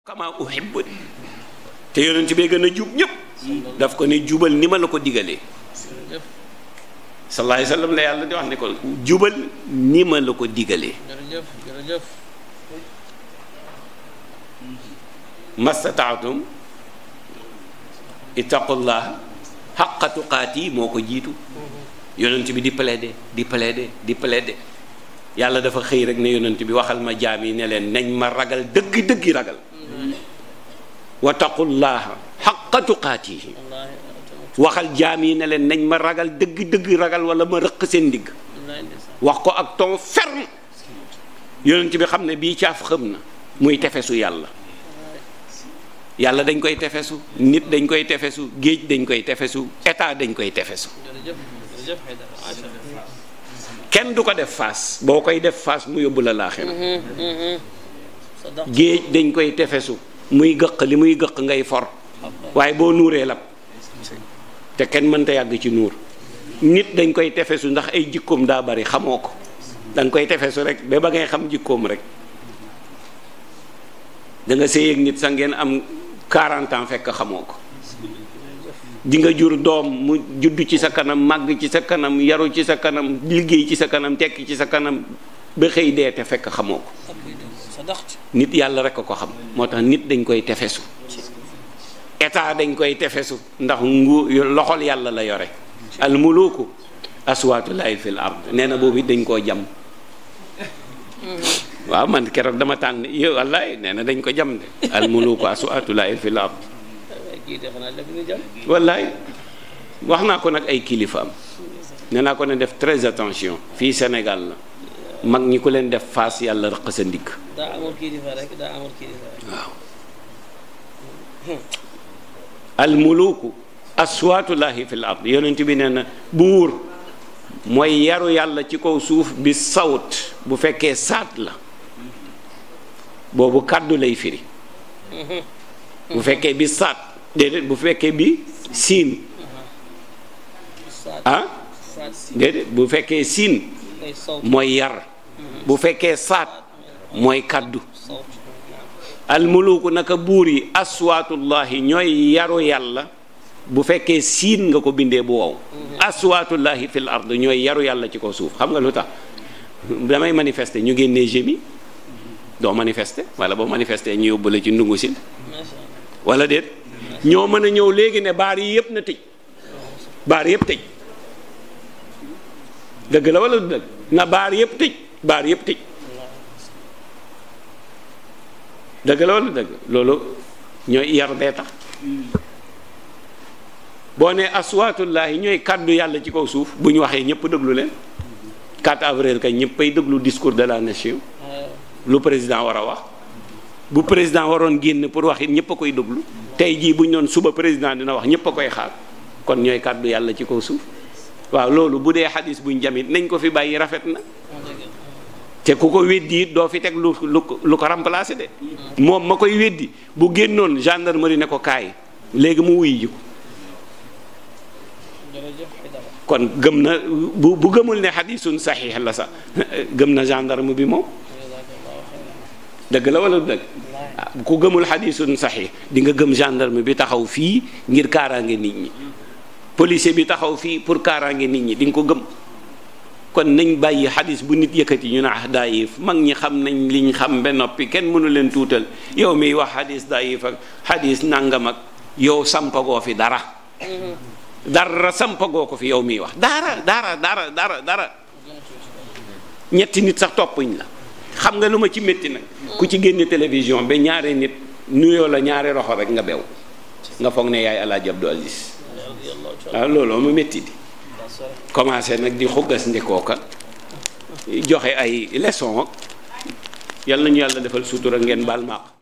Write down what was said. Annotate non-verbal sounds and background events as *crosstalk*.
kama uhibbu te yonent bee gën a jub ñëpp daf ko ne jubal ni ma la ko diggalee sallallahu alayhi la yàlla di wax ne ko jubal ni ma la ko digalee mastataatum ittaqullaha xaqa tuqaati moo ko jiitu yonent bi di plaider di plaider di plaider yàlla dafa xëy rek ne yonent bi waxal ma jaam yi ne leen nañ ma ragal dëgg dëggi ragal wa taqullaha xaqa tuqaatihi waxal jaam yi ne leen nañ ma ragal dëgg dëgg ragal wala ma rëq seen ndigg wax ko ak ton ferme yonent bi xam ne bii caaf xëm na muy tefesu yàlla yàlla dañ koy tefesu nit dañ koy tefesu géej dañ koy tefesu état dañ koy tefesu kenn du ko def faas boo koy def faas mu yóbbu la laaxira mm-hmm, mm-hmm. géej dañ koy tefesu muy gëq li muy gëq ngay for waaye boo nuuree lab te kenn mënta yàgg ci nuur nit dañ koy tefesu ndax ay jikkoom daa bari xamoo ko danga koy tefesu rek ba ba ngay xam jikkoom rek danga nga ak nit sa ngeen am 40 ans fekk xamoo ko di nga jur doom mu judd ci sa kanam màgg ci sa kanam yaru ci sa kanam liggéey ci sa kanam tekki ci sa kanam ba xëy dee te fekk xamoo ko nit yàlla rek a ko xam moo tax nit dañ koy tefesu état dañ koy tefesu ndax ngu loxol yàlla la yore al muluku aswaatulaay fil ard nee na boobu dañ koo jam hmm. waaw man keroog dama tànn yow wallaay nee na dañ ko jam de al muluku aswaatulaay fil ard wallaay wax naa ko nag ay kilifaam nee naa ko ne def très attention fii Sénégal la mag ñi ko leen def faas yàlla rëq sa ndigg daa amul kilifa almuluku aswaatullahi fi l ard bi nee na buur mooy yaru yàlla ci kaw suuf bi sawt bu fekkee saat la boobu kàddu lay firi *laughs* bu fekkee bi saat déedéet bu fekkee bi siin ah déedéet bu fekkee siin mooy yar bu fekkee saat mooy kàddu almuluku naka buur yi aswaatullahi ñooy yaru yàlla bu fekkee siin nga ko bindee bu wow aswaatullahi fil ard ñooy yaru yàlla ci ko suuf xam nga lu tax damay manifester ñu génnee gémi doo manifester wala boo manifester ñu yóbbu la ci ndungu sin wala déet ñoo mën a ñëw léegi ne baar yi yëpp na tëj baar yëpp tëj dëgg la wala dëgg na baar yëpp tëj baar yëpp tëj dëgg la wala dëgg loolu ñooy yar bee tax boo nee aswaatullaahi ñooy kàddu yàlla ci kaw suuf bu ñu waxee ñëpp déglu leen 4 avril kay ñëppay déglu discours de la nation lu président war a wax bu président waroon génn pour wax it ñëpp a koy déglu tey jii bu ñu doon suba président dina wax ñëpp a koy xaar kon ñooy kàddu yàlla ci kaw suuf. waaw loolu bu dee xadis buñ jamit nañ ko fi bàyyi rafet na te ku ko weddi it doo fi teg lu lu lu ko remplacer de moom ma koy weddi bu génnoon gendarmerie ne ko kaay léegi mu wuy ji kon gëm na bu bu gëmul ne xadisun saxiix la gëm na gendarme bi moom dëgg la wala dëgg ah, ku gëmul xadisun saxiix di nga gëm gendarme bi taxaw fii ngir kaaraange nit ñi policier bi taxaw fii pour kaaraange nit ñi di nga ko gëm kon nañ bàyyi xadis bu nit yëkkati ñu ne ah daayif mag ñi xam nañ liñ xam be noppi kenn mënu leen tuutal yow miy wax xadis daayif ak xadis nangam ak yow sampagoo fi dara mm-hmm. dara sampagoo ko fi yow miy wax dara dara dara dara dara ñetti nit sax toppuñ la xam nga lu ma ci métti nag mm-hmm. ku ci génne télévision ba ñaare nit nuyoo la ñaari roxo rek nga bew nga foog ne yaay Alaaji Abdou Aziz waaw looloo mu métti di commencé nag di xuggas ndikooka joxe ay leçon ak yal nañu yàlla defal sutura ngeen baal ma